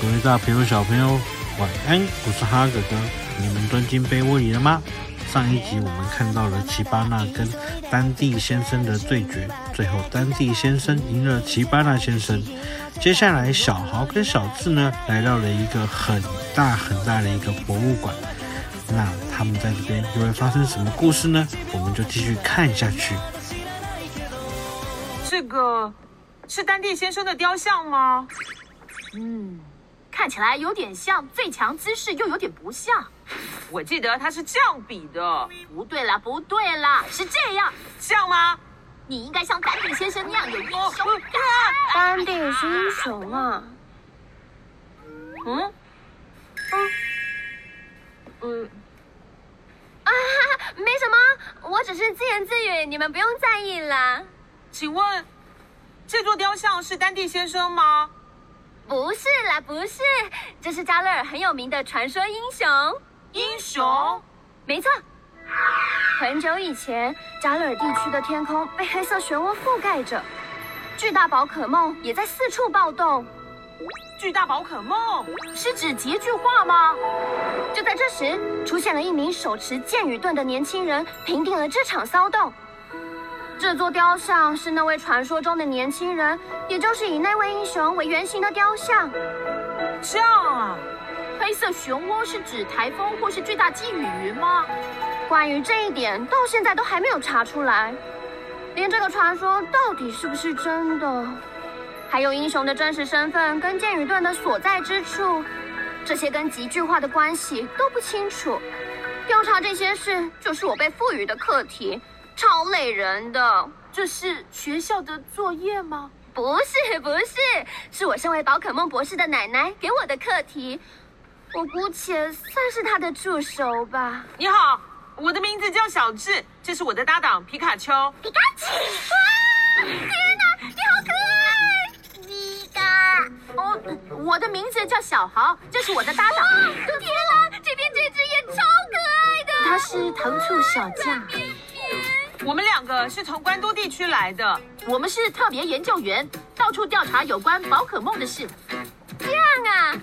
各位大朋友小朋友，晚安！我是哈哥哥，你們鑽進被窩裡了嗎？上一集我們看到了奇巴納跟丹蒂先生的對決，最後丹蒂先生贏了奇巴納先生。接下來小豪跟小智呢，來到了一個很大很大的一個博物館，那他們在這邊又會發生什麼故事呢？我們就繼續看下去。這個是丹蒂先生的雕像嗎？嗯。看起來有點像最強姿勢，又有點不像。我記得他是這樣比的，不對了，不對了，是這樣，像嗎？你應該像丹帝先生那樣有英雄。丹帝也是英雄啊。嗯，嗯，嗯。啊，沒什麼，我只是自言自語，你們不用在意啦。請問，這座雕像是丹帝先生嗎？不是啦，不是，這是伽勒爾很有名的傳說英雄。英雄？沒錯。很久以前，伽勒爾地區的天空被黑色漩渦覆蓋着，巨大寶可夢也在四處暴動。巨大寶可夢是指極巨化嗎？就在這時，出現了一名手持劍與盾的年輕人，平定了這場騷動。這座雕像，是那位傳說中的年輕人，也就是以那位英雄為原型的雕像。像啊，黑色漩渦是指台風或是巨大積雨雲嗎？關於這一點，到現在都還沒有查出來。連這個傳說到底是不是真的，還有英雄的真實身份跟劍與盾的所在之處，這些跟極巨化的關係都不清楚。調查這些事，就是我被賦予的課題。超累人的，這是學校的作業嗎？不是，不是，是我身為寶可夢博士的奶奶給我的課題，我姑且算是她的助手吧。你好，我的名字叫小智，這是我的搭檔皮卡丘。皮卡丘、啊！天哪，你好可愛！皮卡。哦，我的名字叫小豪，這是我的搭檔。啊、天哪，這邊這隻也超可愛的。它是糖醋小醬。我們兩個是從關都地區來的，我們是特別研究員，到處調查有關寶可夢的事。這樣啊，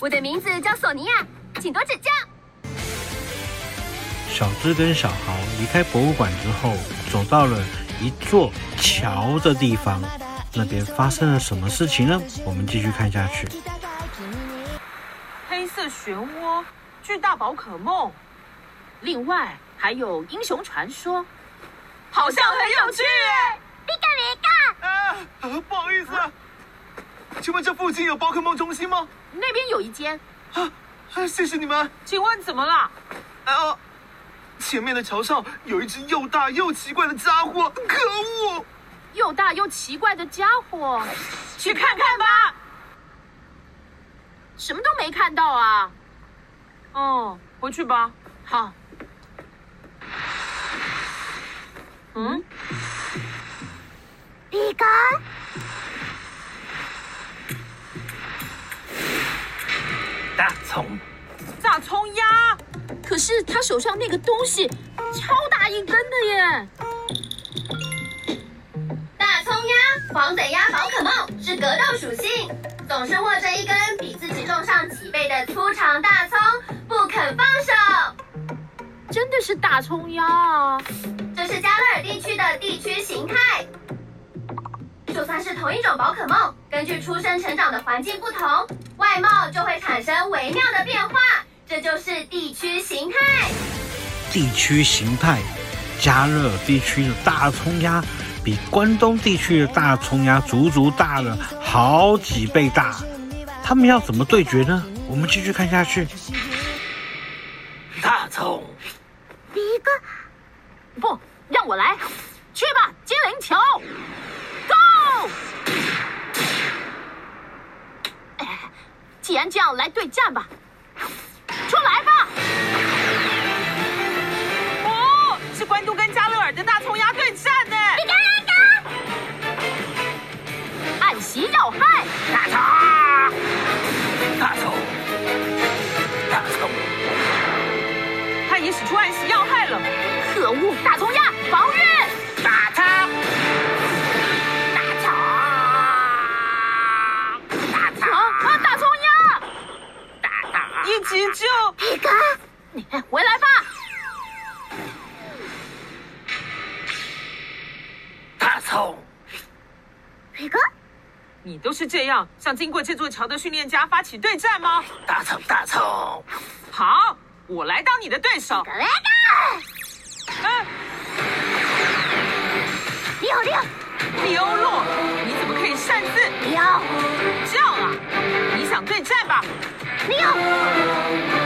我的名字叫索尼婭，請多指教。小智跟小豪離開博物館之後，走到了一座橋的地方，那邊發生了什麼事情呢？我們繼續看下去。黑色漩渦，巨大寶可夢，另外還有英雄傳說。好像很有趣，哎，別幹別幹！啊，不好意思，請、啊、問，這附近有寶可夢中心嗎？那邊有一間啊。啊，謝謝你們。請問怎麼了？啊，前面的橋上有一隻又大又奇怪的家伙，可惡！又大又奇怪的家伙，去看看吧。看看吧。什麼都沒看到啊。哦，回去吧。好。嗯？一根大蔥。大蔥鴨。可是他手上那個東西，超大一根的耶。大蔥鴨，黃嘴鴨，寶可夢是格鬥屬性，總是握着一根比自己重上幾倍的粗長大蔥，不肯放手。真的是大蔥鴨。這是伽勒爾地區的地區形態。就算是同一種寶可夢，根據出生、成長的環境不同，外貌就會產生微妙的變化，這就是地區形態。地區形態，伽勒爾地區的大蔥鴨比關東地區的大蔥鴨足足大了好幾倍大，他們要怎麼對決呢？我們繼續看下去。這樣來對戰吧。這樣，向經過這座橋的訓練家發起對戰嗎？大蔥，大蔥。好，我來當你的對手。嗯、你好，你好，利歐路，你怎麼可以擅自？你好，這樣啊，你想對戰吧？你好。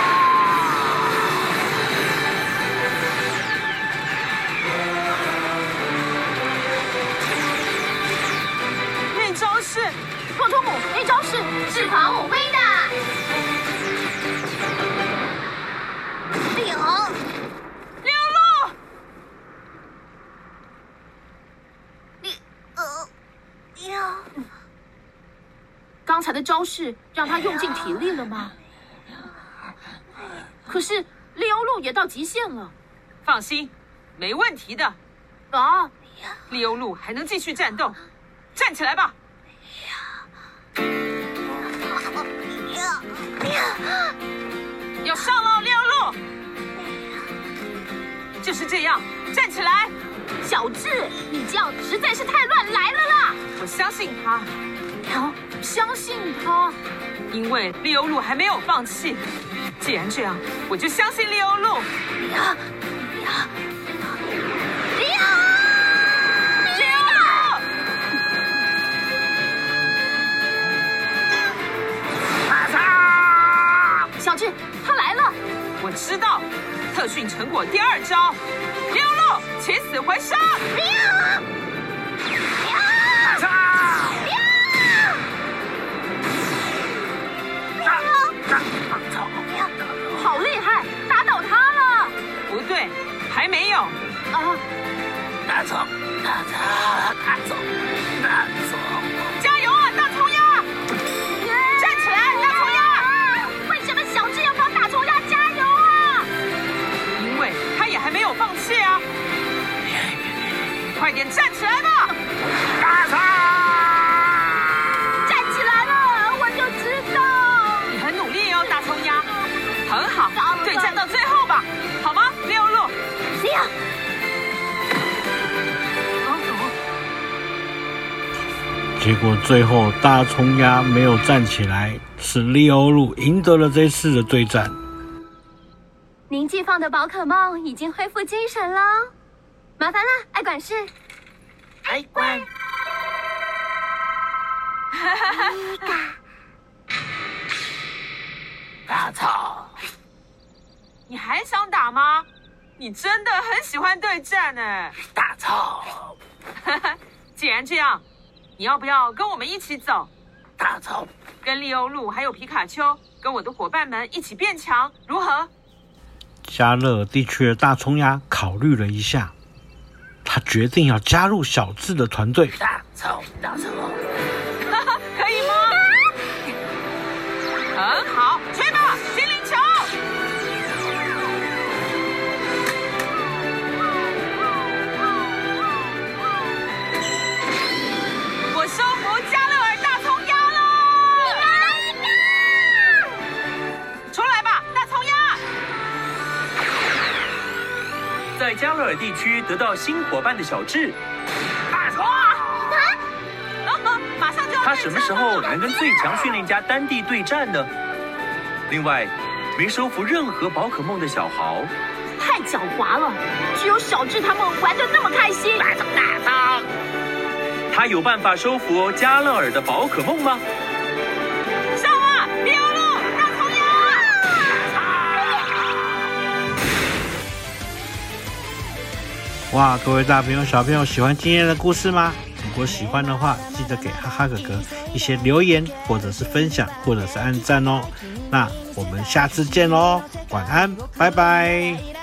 是，洛托姆，那招式是防武飛的。利歐路，利歐路，你呃，剛才的招式讓他用盡體力了嗎？可是利歐路也到極限了。放心，沒問題的。啊，利歐路還能繼續戰鬥，站起來吧。要上了，利歐路。就是這樣，站起來。小智，你這樣實在是太亂來了啦！我相信他，相信他，因為利歐路還沒有放棄。既然這樣，我就相信利歐路。是他來了，我知道。特訓成果第二招，六六起死回生。好厲害，打倒他了。不對，還沒有。啊拿。拿走，拿走，拿走六，六放棄啊！快點站起來吧！大蔥，站起來了，我就知道。你很努力喲、哦，大蔥鴨，很好。對戰到最後吧，好嗎？利歐路，你呀。結果最後大蔥鴨沒有站起來，是利歐路贏得了這次的對戰。您寄放的寶可夢已經恢復精神了。麻煩了，愛管事。哎管關。哈哈哈！ 大草，你還想打嗎？你真的很喜歡對戰哎、欸。大草。哈哈，既然這樣，你要不要跟我們一起走？大草，跟利歐路還有皮卡丘，跟我的夥伴們一起變強，如何？伽勒爾地區的大蔥鴨考慮了一下，他決定要加入小智的團隊。大蔥，大蔥，地區得到新伙伴的小智，哇！馬上就要他什麼時候能跟最強訓練家丹帝對戰呢？另外，沒收服任何寶可夢的小豪，太狡猾了！只有小智他們玩得那麼開心。他有辦法收服伽勒爾的寶可夢嗎？哇，各位大朋友小朋友，喜歡今天的故事嗎？如果喜歡的話，記得給哈哈哥哥一些留言，或者是分享，或者是按讚哦。那我們下次見嘍，晚安，拜拜。